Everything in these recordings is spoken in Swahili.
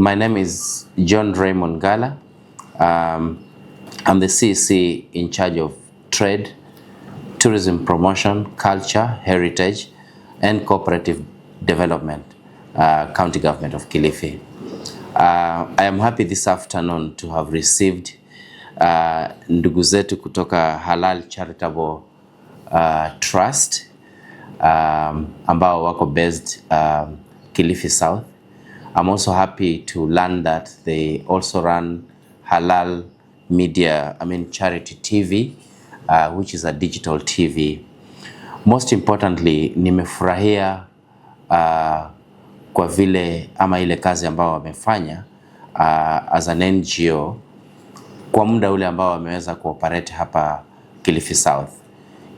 My name is John Raymond Gala. Um, I'm the CEC in charge of trade, tourism promotion, culture, heritage, and cooperative development, uh, county government of Kilifi. Uh, I am happy this afternoon to have received uh, ndugu zetu kutoka Halal Charitable uh, Trust um, ambao wako based um, Kilifi South. I'm also happy to learn that they also run Halal Media, I mean Charity TV, uh, which is a digital TV. Most importantly, nimefurahia uh, kwa vile ama ile kazi ambayo wamefanya uh, as an NGO kwa muda ule ambao wameweza kuoperate hapa Kilifi South.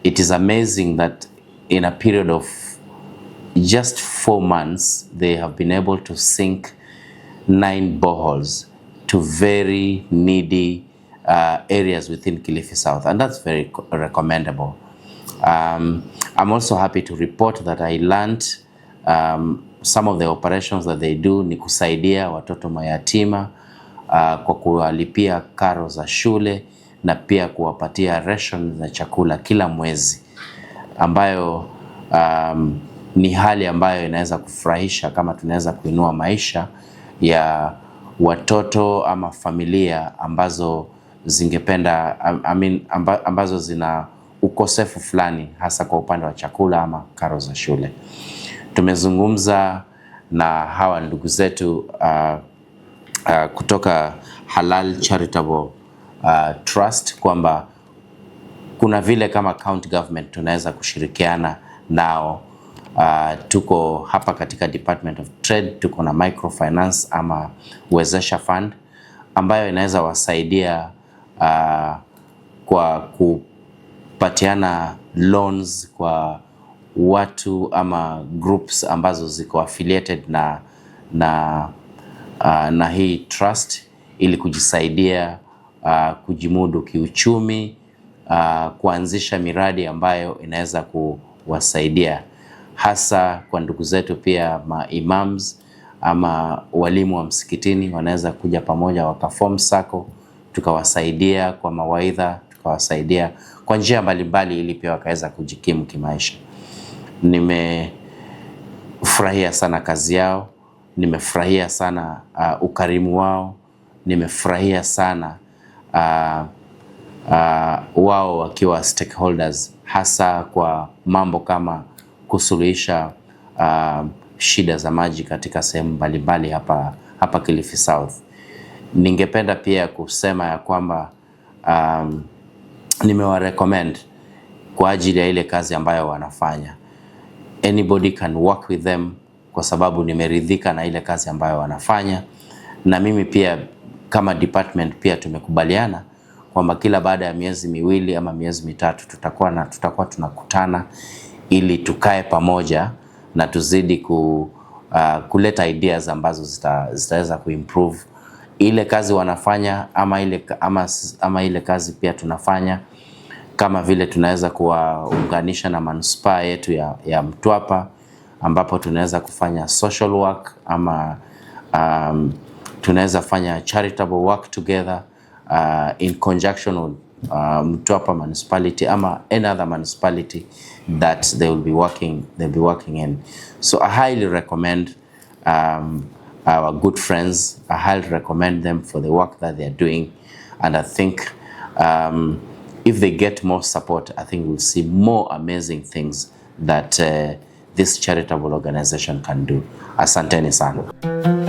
It is amazing that in a period of just four months they have been able to sink nine boreholes to very needy uh, areas within Kilifi South, and that's very recommendable. Um, I'm also happy to report that I learned um, some of the operations that they do ni kusaidia watoto mayatima uh, kwa kuwalipia karo za shule na pia kuwapatia ration za chakula kila mwezi ambayo um, ni hali ambayo inaweza kufurahisha kama tunaweza kuinua maisha ya watoto ama familia ambazo zingependa I mean, ambazo zina ukosefu fulani hasa kwa upande wa chakula ama karo za shule. Tumezungumza na hawa ndugu zetu uh, uh, kutoka halal Charitable uh, Trust kwamba kuna vile kama county government tunaweza kushirikiana nao Uh, tuko hapa katika Department of Trade, tuko na microfinance ama wezesha fund ambayo inaweza wasaidia uh, kwa kupatiana loans kwa watu ama groups ambazo ziko affiliated na, na, uh, na hii trust ili kujisaidia uh, kujimudu kiuchumi uh, kuanzisha miradi ambayo inaweza kuwasaidia hasa kwa ndugu zetu pia maimams ama walimu wa msikitini wanaweza kuja pamoja wakaform sako, tukawasaidia kwa mawaidha, tukawasaidia kwa njia mbalimbali, ili pia wakaweza kujikimu kimaisha. Nimefurahia sana kazi yao, nimefurahia sana uh, ukarimu wao, nimefurahia sana uh, uh, wao wakiwa stakeholders hasa kwa mambo kama kusuluhisha uh, shida za maji katika sehemu mbalimbali hapa, hapa Kilifi South. Ningependa pia kusema ya kwamba um, ah, recommend kwa ajili ya ile kazi ambayo wanafanya. Anybody can work with them kwa sababu nimeridhika na ile kazi ambayo wanafanya, na mimi pia kama department pia tumekubaliana kwamba kila baada ya miezi miwili ama miezi mitatu tutakuwa na tutakuwa tunakutana ili tukae pamoja na tuzidi ku, uh, kuleta ideas ambazo zitaweza zita kuimprove ile kazi wanafanya ama ile, ama, ama ile kazi pia tunafanya kama vile tunaweza kuwaunganisha na manispaa yetu ya, ya Mtwapa ambapo tunaweza kufanya social work ama um, tunaweza fanya charitable work together uh, in conjunction with uh, um, Mtwapa municipality ama any other municipality that they will be working, they'll be working in. So I highly recommend um, our good friends. I highly recommend them for the work that are doing. And I think um, if they get more support, I think we'll see more amazing things that uh, this charitable organization can do. Asanteni sana.